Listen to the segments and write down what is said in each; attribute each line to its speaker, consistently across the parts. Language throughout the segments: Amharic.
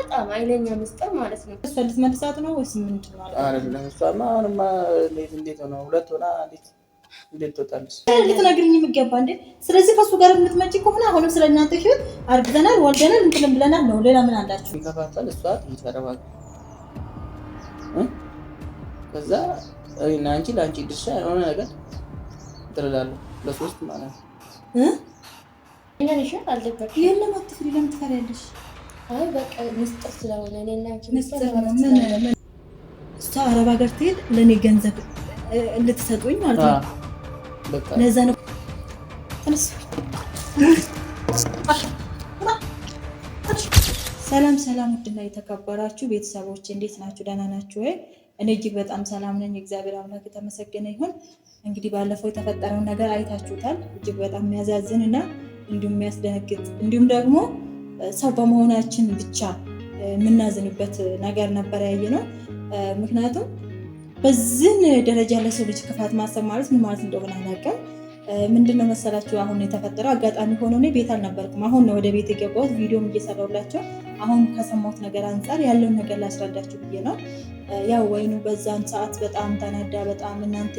Speaker 1: በጣም ኃይለኛ ምስጢር ማለት ነው።
Speaker 2: እሷ ልትመልሳት ነው ወይስ ምንድን
Speaker 3: ማለት ነው? እሷማ አሁንማ እንዴት ሆነ? ሁለት ሆና እንዴት እንዴት ትወጣለች?
Speaker 2: ልትነግሪኝ የሚገባ እንዴ? ስለዚህ ከእሱ ጋር የምትመጪ ከሆነ አሁንም ስለ እናንተ ህይወት አርግዘናል፣ ወልደናል፣ እንትን ብለናል ነው። ሌላ ምን አላችሁ?
Speaker 3: ይከፋታል። እሷ ትሰረባል። ከዛ እኔና አንቺ ለአንቺ ድርሻ የሆነ ነገር ትረዳለህ፣ ለሶስት ማለት
Speaker 2: ነው።
Speaker 1: ይህንን ይሻል አልደበር
Speaker 2: ይህን ለማትፍሪ ለምትፈሪያለሽ
Speaker 1: አይ በቃ ምስጢር ስለሆነ እኔና
Speaker 2: እሷ አረብ ሀገር ትሄድ ለእኔ ገንዘብ ልትሰጡኝ ማለት
Speaker 3: ነው። ለዛ ነው
Speaker 2: ሰላም ሰላም፣ ውድና የተከበራችሁ ቤተሰቦች እንዴት ናችሁ? ደህና ናችሁ ወይ? እኔ እጅግ በጣም ሰላም ነኝ። እግዚአብሔር አምላክ የተመሰገነ ይሁን። እንግዲህ ባለፈው የተፈጠረውን ነገር አይታችሁታል። እጅግ በጣም የሚያዛዝን እና እንዲሁም የሚያስደነግጥ እንዲሁም ደግሞ ሰው በመሆናችን ብቻ የምናዝንበት ነገር ነበር ያየ ነው። ምክንያቱም በዚህን ደረጃ ለሰው ልጅ ክፋት ማሰብ ማለት ምን ማለት እንደሆነ አላውቅም። ነው መሰላችሁ አሁን የተፈጠረው አጋጣሚ ሆኖ እኔ ቤት አልነበርኩም። አሁን ነው ወደ ቤት የገባሁት። ቪዲዮም እየሰራሁላቸው አሁን ከሰማሁት ነገር አንጻር ያለውን ነገር ላስረዳችሁ ብዬ ነው። ያው ወይኑ በዛን ሰዓት በጣም ተናዳ፣ በጣም እናንተ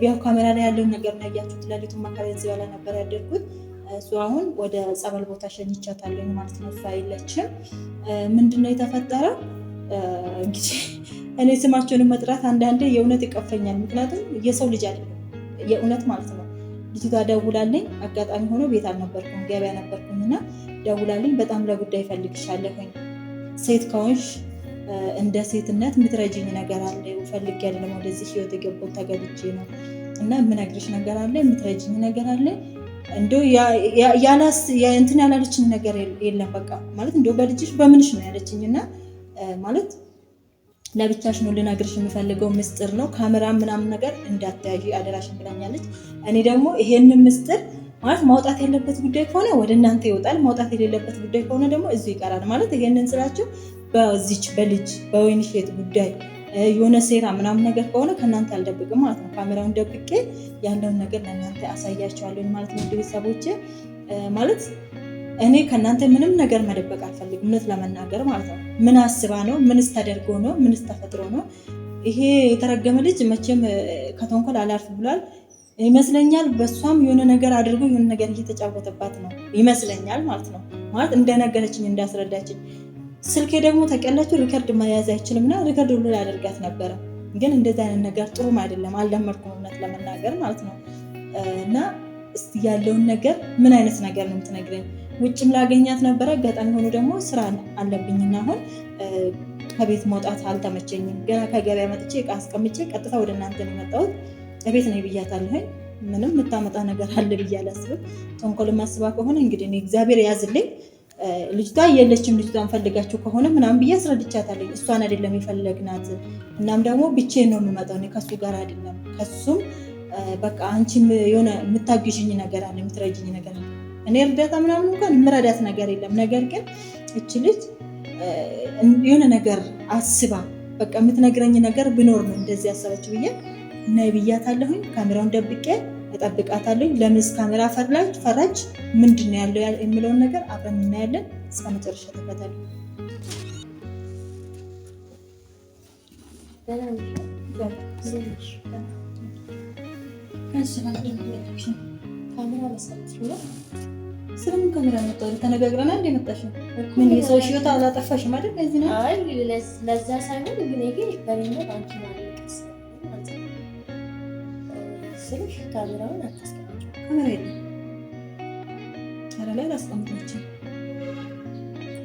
Speaker 2: ቢያው ካሜራ ላይ ያለውን ነገር ነው ያያችሁት። ለሊቱ መከራ ዝበላ ነበር ያደርኩት እሱ አሁን ወደ ጸበል ቦታ ሸኝቻታለኝ ማለት ነው። እሷ የለችም። ምንድነው የተፈጠረው? እንግዲህ እኔ ስማቸውን መጥራት አንዳንዴ የእውነት ይቀፈኛል። ምክንያቱም የሰው ልጅ አለ የእውነት ማለት ነው። ልጅቷ ደውላልኝ፣ አጋጣሚ ሆኖ ቤት አልነበርኩም ገበያ ነበርኩኝ እና ደውላልኝ፣ በጣም ለጉዳይ ፈልግሻለሁኝ፣ ሴት ከሆንሽ እንደ ሴትነት ምትረጅኝ ነገር አለ ፈልግ ያለ ወደዚህ ህይወት የገባሁት ተገድጄ ነው እና የምነግርሽ ነገር አለ ምትረጅኝ ነገር አለ እንዲ ያላስ እንትን ያላለችኝ ነገር የለም። በቃ ማለት እንዲ በልጅሽ በምንሽ ነው ያለችኝ እና ማለት ለብቻሽ ነው ልነግርሽ የምፈልገው ምስጢር ነው ካሜራ ምናምን ነገር እንዳታያዩ አደራሽን ብላኛለች። እኔ ደግሞ ይሄንን ምስጢር ማለት ማውጣት ያለበት ጉዳይ ከሆነ ወደ እናንተ ይወጣል፣ ማውጣት የሌለበት ጉዳይ ከሆነ ደግሞ እዚሁ ይቀራል። ማለት ይሄንን ስራችሁ በዚች በልጅ በወይንሸት ጉዳይ የሆነ ሴራ ምናምን ነገር ከሆነ ከእናንተ አልደብቅም ማለት ነው። ካሜራውን ደብቄ ያለውን ነገር ለእናንተ አሳያቸዋለሁ ማለት ነው። ቤተሰቦች ማለት እኔ ከእናንተ ምንም ነገር መደበቅ አልፈልግም፣ እውነት ለመናገር ማለት ነው። ምን አስባ ነው? ምንስ ተደርጎ ነው? ምንስ ተፈጥሮ ነው? ይሄ የተረገመ ልጅ መቼም ከተንኮል አላርፍ ብሏል ይመስለኛል። በእሷም የሆነ ነገር አድርጎ የሆነ ነገር እየተጫወተባት ነው ይመስለኛል ማለት ነው። ማለት እንደነገረችኝ እንዳስረዳችኝ ስልኬ ደግሞ ተቀላችሁ ሪከርድ መያዝ አይችልም እና ሪከርድ ሁሉ ላደርጋት ነበረ። ግን እንደዚህ አይነት ነገር ጥሩም አይደለም፣ አልለመድኩም እውነት ለመናገር ማለት ነው። እና እስቲ ያለውን ነገር ምን አይነት ነገር ነው የምትነግረኝ? ውጭም ላገኛት ነበረ። አጋጣሚ ሆኖ ደግሞ ስራ አለብኝና አሁን ከቤት መውጣት አልተመቸኝም። ገና ከገበያ መጥቼ እቃ አስቀምጬ ቀጥታ ወደ እናንተ ነው የመጣሁት። ቤት ነው ብያታለሁኝ። ምንም የምታመጣ ነገር አለ ብዬ አላስብም። ተንኮልም ከሆነ እንግዲህ እኔ እግዚአብሔር ያዝልኝ ልጅቷ የለችም፣ ልጅቷን ፈልጋችሁ ከሆነ ምናምን ብዬ አስረድቻታለሁ። እሷን አይደለም የፈለግናት። እናም ደግሞ ብቼ ነው የምመጣው ከሱ ጋር አይደለም። ከሱም በቃ አንቺ የሆነ የምታግዥኝ ነገር አለ፣ የምትረጅኝ ነገር አለ። እኔ እርዳታ ምናምን እንኳን የምረዳት ነገር የለም። ነገር ግን እች ልጅ የሆነ ነገር አስባ በቃ የምትነግረኝ ነገር ብኖር ነው እንደዚህ ያሰበች ብዬ ነብያታለሁኝ። ካሜራውን ደብቄ እጠብቃታለሁ። ለምን እስከ ምዕራፍ ፈራጅ ምንድን ነው ያለው የሚለውን ነገር አብረን እናያለን። እስከ መጨረሻ ተከታተሉ። ስለምን ካሜራ መጣሁ? ተነጋግረናል። እንደ መጣሽ ምን የሰው ሽዮታ አላጠፋሽም አይደል? ለዚህ ነው
Speaker 1: ለዛ ሳይሆን ግን ይሄ አንቺ ካሜራውን አታስቀምጭ።
Speaker 2: ካሜራ ላይ አላስቀምጣችም።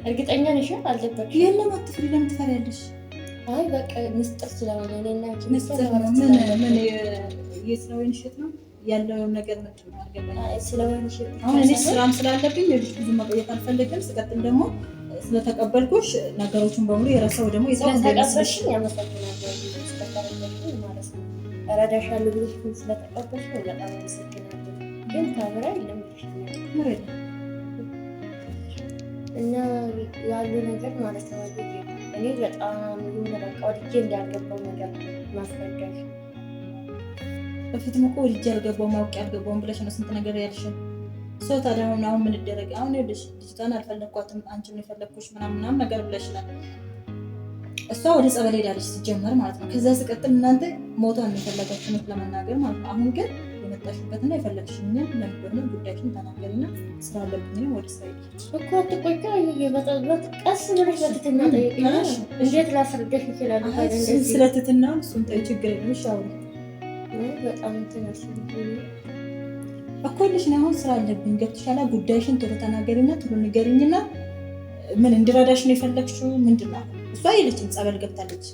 Speaker 1: እርግጠኛ ነሽ? አልደበቅሽ?
Speaker 2: ይህን አትፍሪ። ለምን ትፈሪያለሽ?
Speaker 1: አይ በቃ ምስጢር ስለሆነ እኔና
Speaker 2: ምስጢር ምን የስራውን ሽት ነው ያለውን ነገር ምንድን ነው
Speaker 1: አልገባኝም።
Speaker 2: አሁን ስራም ስላለብኝ ልጅ ብዙ መቆየት አልፈለግም። ስቀጥል ደግሞ ስለተቀበልኩሽ ነገሮችን በሙሉ የረሳው ደግሞ የሰው
Speaker 1: ስለተቀበልሽኝ ያመሰግናለሁ። ስለተቀበልኩኝ ማለት ነው እረዳሻለሁ ብለሽ ግን ስለተቀበልሽ ነው በጣም አመሰግናለሁ። ግን ተምረን ለምደሽኛል እና ያሉ ነገር ማለት ነው። እኔ በጣም በቃ ወድጄ እንዳልገባው ነገር ማስረዳሽ
Speaker 2: በፊትም እኮ ወድጄ አልገባው ማውቅ አልገባውም ብለሽ ነው ስንት ነገር ያልሽን ሰው ታዲያ አሁን ምን ይደረግ? አሁን ልጅቷን አልፈለግኳትም አንቺ የፈለግኩሽ ምናምን ምናምን ነገር ብለሽናል። እሷ ወደ ጸበል ሄዳለች ሲጀመር ማለት ነው። ከዛ ስቀጥል እናንተ ሞታ እንደፈለጋችሁ ነው ለመናገር ማለት ነው። አሁን ግን የመጣሽበትና የፈለግሽንን ለምደሆነ ጉዳይሽን ተናገርና ስራ አለብኝ ወደ ስራ
Speaker 1: እኮ ትቆጫ የመጠበት ቀስ ብለሽ በትትና ጠይቅናሽ እንዴት ላስረዳሽ ይችላል።
Speaker 2: ስለትትና እሱን ጠይ ችግር የለሽ አሁ
Speaker 1: በጣም ትነሽ
Speaker 2: እኮ ልሽን አሁን ስራ አለብኝ ገብትሻላ። ጉዳይሽን ቶሎ ተናገሪና ቶሎ ንገሪኝና ምን እንድረዳሽ ነው የፈለግሽው ምንድን ነው እሷ የለችም፣ ጸበል ገብታለች።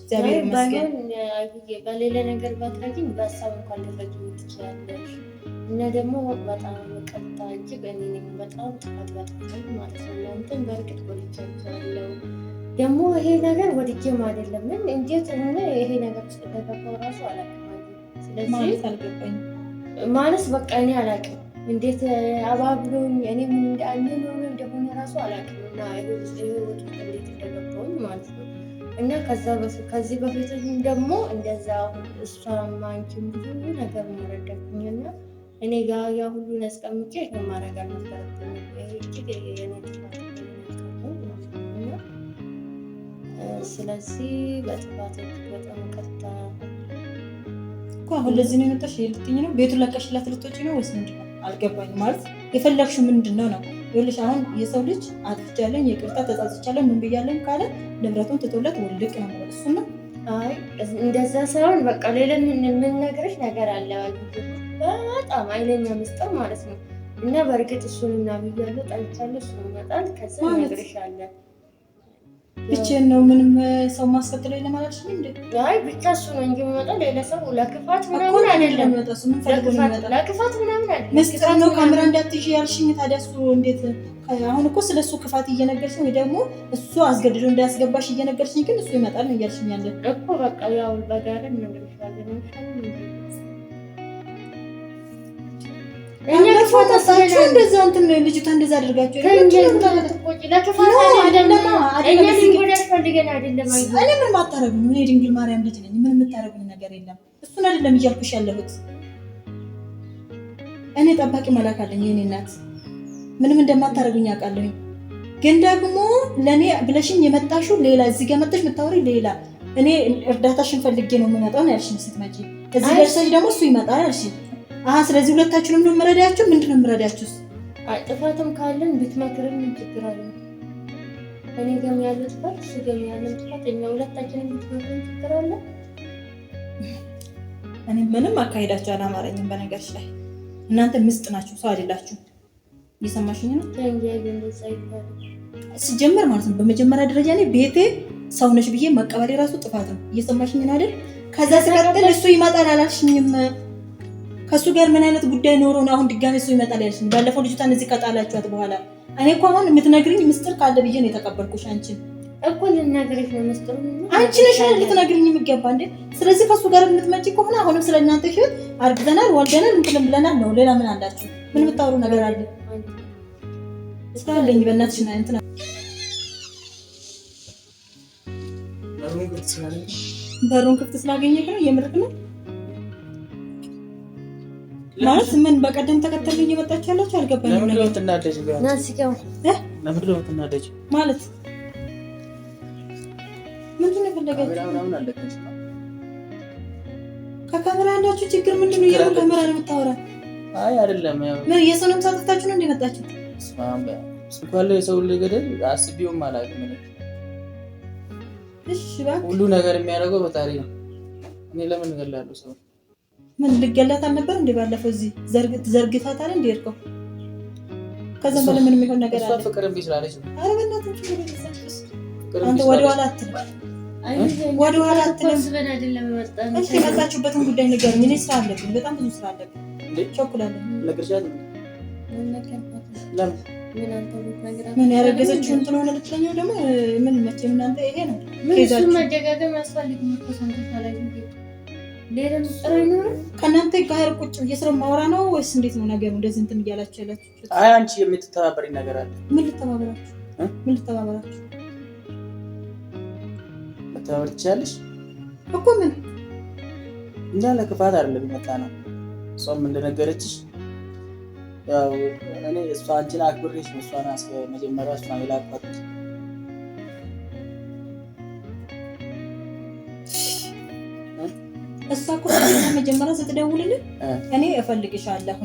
Speaker 1: በሌለ ነገር ባትረጅም በሀሳብ እንኳን ልትረጅ ትችላለች። እና ደግሞ በጣም ቀጥታ እንጂ እኔ በጣም ጥፋት በጣም ማለት ነው። እናንተን በእርግጥ ወድጃቸዋለሁ። ደግሞ ይሄ ነገር ወድጄም አይደለም፣ ግን እንዴት ሆነ ይሄ ነገር ውስጥ እንደገባሁ ራሱ አላውቅም።
Speaker 2: ስለዚህ አልገባኝም
Speaker 1: ማለት በቃ እኔ አላውቅም እንዴት አባብሎኝ እኔ ምን እንዳለ እንደሆነ ራሱ አላውቅም እና ወጡ እንዴት እንደገባውኝ ማለት ነው። እና ከዛ ከዚህ በፊትም ደግሞ እንደዛ እሷ ማንኪም ብዙ ነገር ማረዳትኝ እና እኔ ጋ ያ ሁሉን አስቀምጬ ማረግ አልነበረብኝም። ስለዚህ በጥፋት በጣም ቀጥታ
Speaker 2: እኮ አሁን ለዚህ ነው የመጣሽ ልትኝ ነው ቤቱን ለቀሽላት ልትወጪ ነው ወይስ ምንድን ነው? አልገባኝ ማለት የፈለግሹ ምንድን ነው ነው ይኸውልሽ አሁን የሰው ልጅ አጥፍቻለኝ፣ ይቅርታ ተጻጽቻለን ምን ብያለኝ ካለ ንብረቱን ትቶለት ውልቅ ነው ማለት እሱና
Speaker 1: አይ እንደዛ ሳይሆን በቃ ሌላ የምንነግርሽ ነገር አለ። በጣም አይለኛ ምስጢር ማለት ነው። እና በእርግጥ እሱን እና ብያለሁ ጠልቻለሁ፣ እሱን ይመጣል ከዚህ እነግርሻለሁ
Speaker 2: ብቻዬን ነው ምንም ሰው ማስከትለኝ ለማለት ነው እንዴ?
Speaker 1: አይ ብቻ እሱ ነው እንጂ የሚመጣው ሌላ ሰው ለክፋት ምናምን አይደለም። ለክፋት ምናምን አይደለም።
Speaker 2: ምስጢር ነው ካሜራ እንዳትይዥ ያልሽኝ ታዲያ እሱ እንዴት? አሁን እኮ ስለ እሱ ክፋት እየነገርሽኝ ወይ ደግሞ እሱ አስገድዶ እንዳያስገባሽ እየነገርሽኝ፣ ግን እሱ ይመጣል ነው እያልሽኝ ያለ
Speaker 1: እኮ በቃ ያው ነው በጋራ ነው
Speaker 2: እንደዛ እንትን ማርያም ልጅ ነኝ። ነገር የለም። እሱን አይደለም እያልኩሽ ያለሁት። እኔ ጠባቂ መላክ አለኝ። የእኔ እናት ምንም እንደማታረጉኝ ግን ደግሞ ለእኔ ብለሽኝ የመጣሽው ሌላ፣ እዚህ ጋር መጥተሽ የምታወሪ ሌላ። እኔ እርዳታሽን ፈልጌ ነው የምመጣው ነው ያልሽኝ ስትመጪ። እዚህ ደርሰሽ ደግሞ እሱ ይመጣል ያልሽኝ አሁን ስለዚህ ሁለታችሁንም ነው የምረዳያችሁ። ምንድን ነው የምረዳያችሁ?
Speaker 1: ጥፋትም ካለን ብትመክርም ችግር አለ። እኔ ገም ያለው ጥፋት እሱ ገም ያለው ጥፋት እኛ ሁለታችንም ብትመክርም ችግር አለ።
Speaker 2: እኔ ምንም አካሄዳችሁ አላማረኝም። በነገርች ላይ እናንተ ምስጥ ናችሁ፣ ሰው አይደላችሁ። እየሰማሽኝ ነው? ሲጀምር ማለት ነው በመጀመሪያ ደረጃ ላይ ቤቴ ሰው ነሽ ብዬ መቀበል የራሱ ጥፋት ነው። እየሰማሽኝ ነው አይደል? ከዛ ሲቀጥል እሱ ይመጣል አላልሽኝም? ከእሱ ጋር ምን አይነት ጉዳይ ኖሮ ነው አሁን ድጋሜ እሱ ይመጣል ያልሽኝ? ባለፈው ልጅቷን እዚህ ከጣላችኋት በኋላ እኔ እኮ አሁን የምትነግርኝ ምስጢር ካለ ብዬ ነው የተቀበልኩሽ አንቺን
Speaker 1: እኮ ልነግርሽ ነው መስጠሩ
Speaker 2: አንቺ ነሽ ልትነግርኝ የሚገባ እንዴ። ስለዚህ ከሱ ጋር የምትመጪ ከሆነ አሁንም ስለ እናንተ ህይወት አርግዘናል፣ ወልደናል፣ እንትንም ብለናል ነው። ሌላ ምን አላችሁ? ምን የምታወሩ ነገር አለ? ስላለኝ በእናትሽ ና ንትና በሩን ክፍት ስላገኘ ነው የምርቅ ነው ማለት ምን በቀደም ተከተል እየመጣች ያለች አልገባኝ። ማለት ምንድን ነው ከካሜራ ያላችሁ ችግር ምንድን ነው? የምን ካሜራ ነው የምታወራው? አይ አይደለም፣ ምን የሰውንም ሳትታችሁ ነው እንደመጣችሁ?
Speaker 3: የሰው ልጅ አስቢውም አላውቅም። ሁሉ ነገር የሚያደርገው በታሪ ነው። እኔ ለምን እገላለሁ ሰው
Speaker 2: ምን ልገላት አልነበር እንዴ? ባለፈው እዚህ ዘርግታታል እንዴ እርቀው ከዛም በላይ ምን የሚሆን ነገር
Speaker 3: አለ። ፍቅር እምቢ ስላለች ነው።
Speaker 2: ኧረ በእናትህ አንተ ወደኋላ አትል ወደኋላ አትልም። እሺ የመጣችሁበትን ጉዳይ ንገረኝ። እኔ ስራ አለብኝ፣ በጣም ብዙ ስራ አለብኝ። ቸኩላለሁ። ምን ያረገዘችው እንትን ሆነ ልትለኛው ደግሞ ምን መቼ ምናንተ ይሄ ነው
Speaker 1: መደጋገም ያስፈልግ ሌላ
Speaker 2: ምስጢር ከእናንተ ጋር ቁጭ ብዬ ስለማወራ ነው ወይስ እንዴት ነው ነገሩ? እንደዚህ እንትን እያላችሁ ያላችሁ።
Speaker 3: አይ አንቺ የምትተባበሪ ነገር አለ።
Speaker 2: ምን ልተባበራችሁ? ምን ልተባበራችሁ?
Speaker 3: መተባበር ትችያለሽ እኮ። ምን እንዳለ ክፋት አይደለም የመጣ ነው። እሷም እንደነገረችሽ ያው እኔ እሷ አንቺን አክብሬሽ እሷን መጀመሪያ እሷ የላኳት
Speaker 2: እሷ እኮ መጀመሪያ ስትደውልልኝ እኔ እፈልግሻለሁ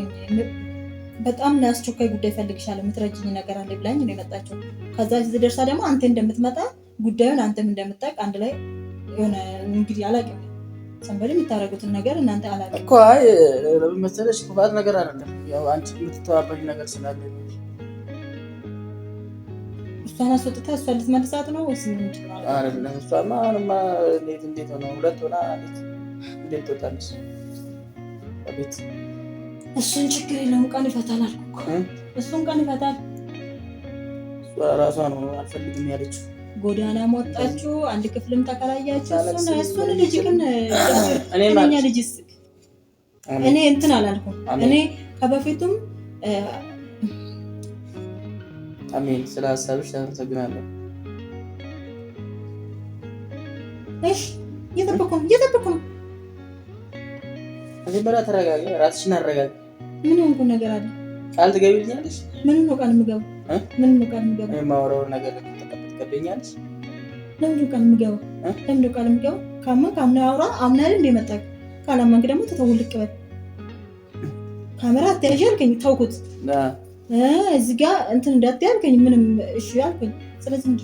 Speaker 2: በጣም ለአስቸኳይ ጉዳይ እፈልግሻለሁ የምትረጅኝ ነገር አለ ብላኝ ነው የመጣችው። ከዛ ደርሳ ደግሞ አንተ እንደምትመጣ ጉዳዩን አንተም እንደምታውቅ አንድ ላይ የሆነ እንግዲህ አላውቅም ሰንበድ የምታደርጉትን ነገር እናንተ አላውቅም
Speaker 3: እኮ አይ መሰለሽ ክፋት ነገር አይደለም። ያው አንቺ የምትተባበሪ ነገር ስላለ
Speaker 2: እሷን አስወጥታ እሷን ልትመልሳት ነው ወይስ ምንድን ነው?
Speaker 3: አይደለም እሷማ እንዴት እንዴት ሆነ ሁለት ሆና እንዴት ትወጣለች? ቤት
Speaker 2: እሱን ችግር የለውም ቀን ይፈታል አልኩ። እሱን ቀን ይፈታል።
Speaker 3: ራሷ ነው አልፈልግም ያለችው።
Speaker 2: ጎዳናም ወጣችሁ፣ አንድ ክፍልም ተከራያችሁ። እሱን ልጅ ግን
Speaker 3: እኛ
Speaker 2: እኔ እንትን አላልኩም። እኔ ከበፊቱም
Speaker 3: አሜን። ስለ ሀሳብሽ አመሰግናለሁ።
Speaker 2: እሺ እየጠበኩ ነው እየጠበኩ ነው
Speaker 3: መጀመሪያ ተረጋጊ፣ ራስሽን አረጋጊ።
Speaker 2: ምን ሆንኩ ነገር አለ?
Speaker 3: ቃል ትገቢልኛለሽ?
Speaker 2: ምን ነው ቃል የምገባው? ምን ነው ቃል የምገባው?
Speaker 3: የማወራውን ነገር ትቀበኛለሽ?
Speaker 2: ነው ቃል የምገባው? ነው ቃል የምገባው? ካማ አምና አውራ፣ አምና አይደል እንደመጣ። ካላመንክ ደግሞ ተተውል ልቀበል። ካሜራ አትያዥ አልከኝ፣ ተውኩት። እዚህ ጋር እንትን እንዳትያልከኝ ምንም እሺ አልከኝ። ስለዚህ እንጂ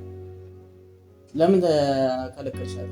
Speaker 3: ለምን ተከለከልሻል?